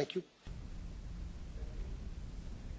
Thank you.